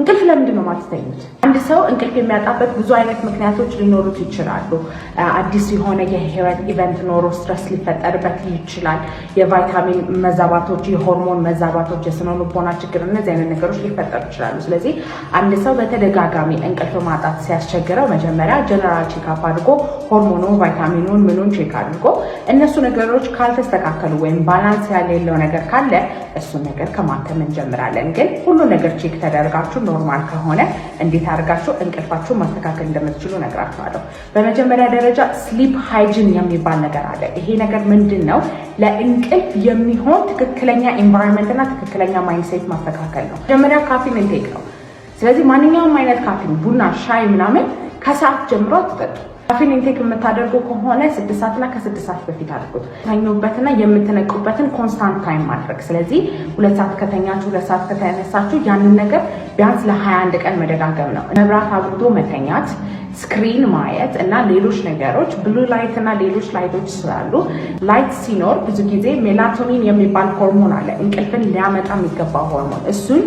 እንቅልፍ ለምንድን ነው ማትተኙት? አንድ ሰው እንቅልፍ የሚያጣበት ብዙ አይነት ምክንያቶች ሊኖሩት ይችላሉ። አዲስ የሆነ የህይወት ኢቨንት ኖሮ ስትረስ ሊፈጠርበት ይችላል። የቫይታሚን መዛባቶች፣ የሆርሞን መዛባቶች፣ የስነ ልቦና ችግር፣ እነዚህ አይነት ነገሮች ሊፈጠሩ ይችላሉ። ስለዚህ አንድ ሰው በተደጋጋሚ እንቅልፍ ማጣት ሲያስቸግረው መጀመሪያ ጀነራል ቼክአፕ አድርጎ ሆርሞኑ ቫይታሚኑን፣ ምኑን ቼክ አድርጎ እነሱ ነገሮች ካልተስተካከሉ ወይም ባላንስ ያሌለው ነገር ካለ እሱን ነገር ከማከም እንጀምራለን። ግን ሁሉ ነገር ቼክ ተደርጋችሁ ኖርማል ከሆነ እንዴት አድርጋችሁ እንቅልፋችሁን ማስተካከል እንደምትችሉ ነግራችኋለሁ። በመጀመሪያ ደረጃ ስሊፕ ሃይጂን የሚባል ነገር አለ። ይሄ ነገር ምንድን ነው? ለእንቅልፍ የሚሆን ትክክለኛ ኤንቫይሮንመንት እና ትክክለኛ ማይንድሴት ማስተካከል ነው። መጀመሪያ ካፊን እንቴክ ነው። ስለዚህ ማንኛውም አይነት ካፊን ቡና፣ ሻይ ምናምን ከሰዓት ጀምሮ አትጠጡ። ካፌን ኢንቴክ የምታደርጉ ከሆነ ስድስት ሰዓትና ከስድስት ሰዓት በፊት አድርጉት። ተኙበትና የምትነቁበትን ኮንስታንት ታይም ማድረግ። ስለዚህ ሁለት ሰዓት ከተኛችሁ፣ ሁለት ሰዓት ከተነሳችሁ ያንን ነገር ቢያንስ ለ21 ቀን መደጋገም ነው። መብራት አብርቶ መተኛት፣ ስክሪን ማየት እና ሌሎች ነገሮች ብሉ ላይት እና ሌሎች ላይቶች ስላሉ ላይት ሲኖር ብዙ ጊዜ ሜላቶኒን የሚባል ሆርሞን አለ እንቅልፍን ሊያመጣ የሚገባ ሆርሞን እሱን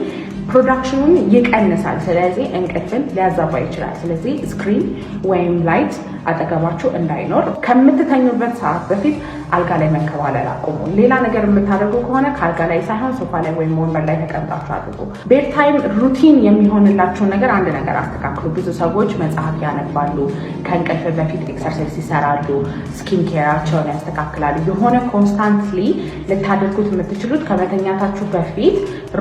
ፕሮዳክሽኑን ይቀንሳል። ስለዚህ እንቅልፍን ሊያዛባ ይችላል። ስለዚህ ስክሪን ወይም ላይት አጠገባችሁ እንዳይኖር ከምትተኙበት ሰዓት በፊት አልጋ ላይ መንከባለል አቁሙ። ሌላ ነገር የምታደርጉ ከሆነ ከአልጋ ላይ ሳይሆን ሶፋ ላይ ወይም ወንበር ላይ ተቀምጣችሁ አድርጉ። ቤድ ታይም ሩቲን የሚሆንላችሁን ነገር አንድ ነገር አስተካክሉ። ብዙ ሰዎች መጽሐፍ ያነባሉ፣ ከእንቅልፍ በፊት ኤክሰርሳይዝ ይሰራሉ፣ ስኪን ኬራቸውን ያስተካክላሉ። የሆነ ኮንስታንትሊ ልታደርጉት የምትችሉት ከመተኛታችሁ በፊት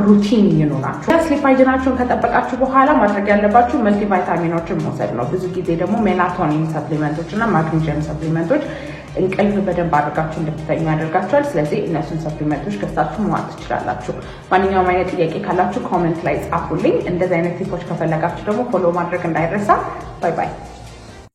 ሩቲን ይኖራችሁ። ስሊፕ ሃይጂናችሁን ከጠበቃችሁ በኋላ ማድረግ ያለባችሁ መልቲ ቫይታሚኖችን መውሰድ ነው። ብዙ ጊዜ ደግሞ ሜላቶኒን ሰፕሊመንቶች እና ማግኒዥየም ሰፕሊመንቶች እንቅልፍ በደንብ አድርጋችሁ እንድትተኙ ያደርጋችኋል። ስለዚህ እነሱን ሰፕሊመንቶች ገዝታችሁ መዋል ትችላላችሁ። ማንኛውም አይነት ጥያቄ ካላችሁ ኮመንት ላይ ጻፉልኝ። እንደዚህ አይነት ቲፖች ከፈለጋችሁ ደግሞ ፎሎ ማድረግ እንዳይረሳ። ባይ ባይ።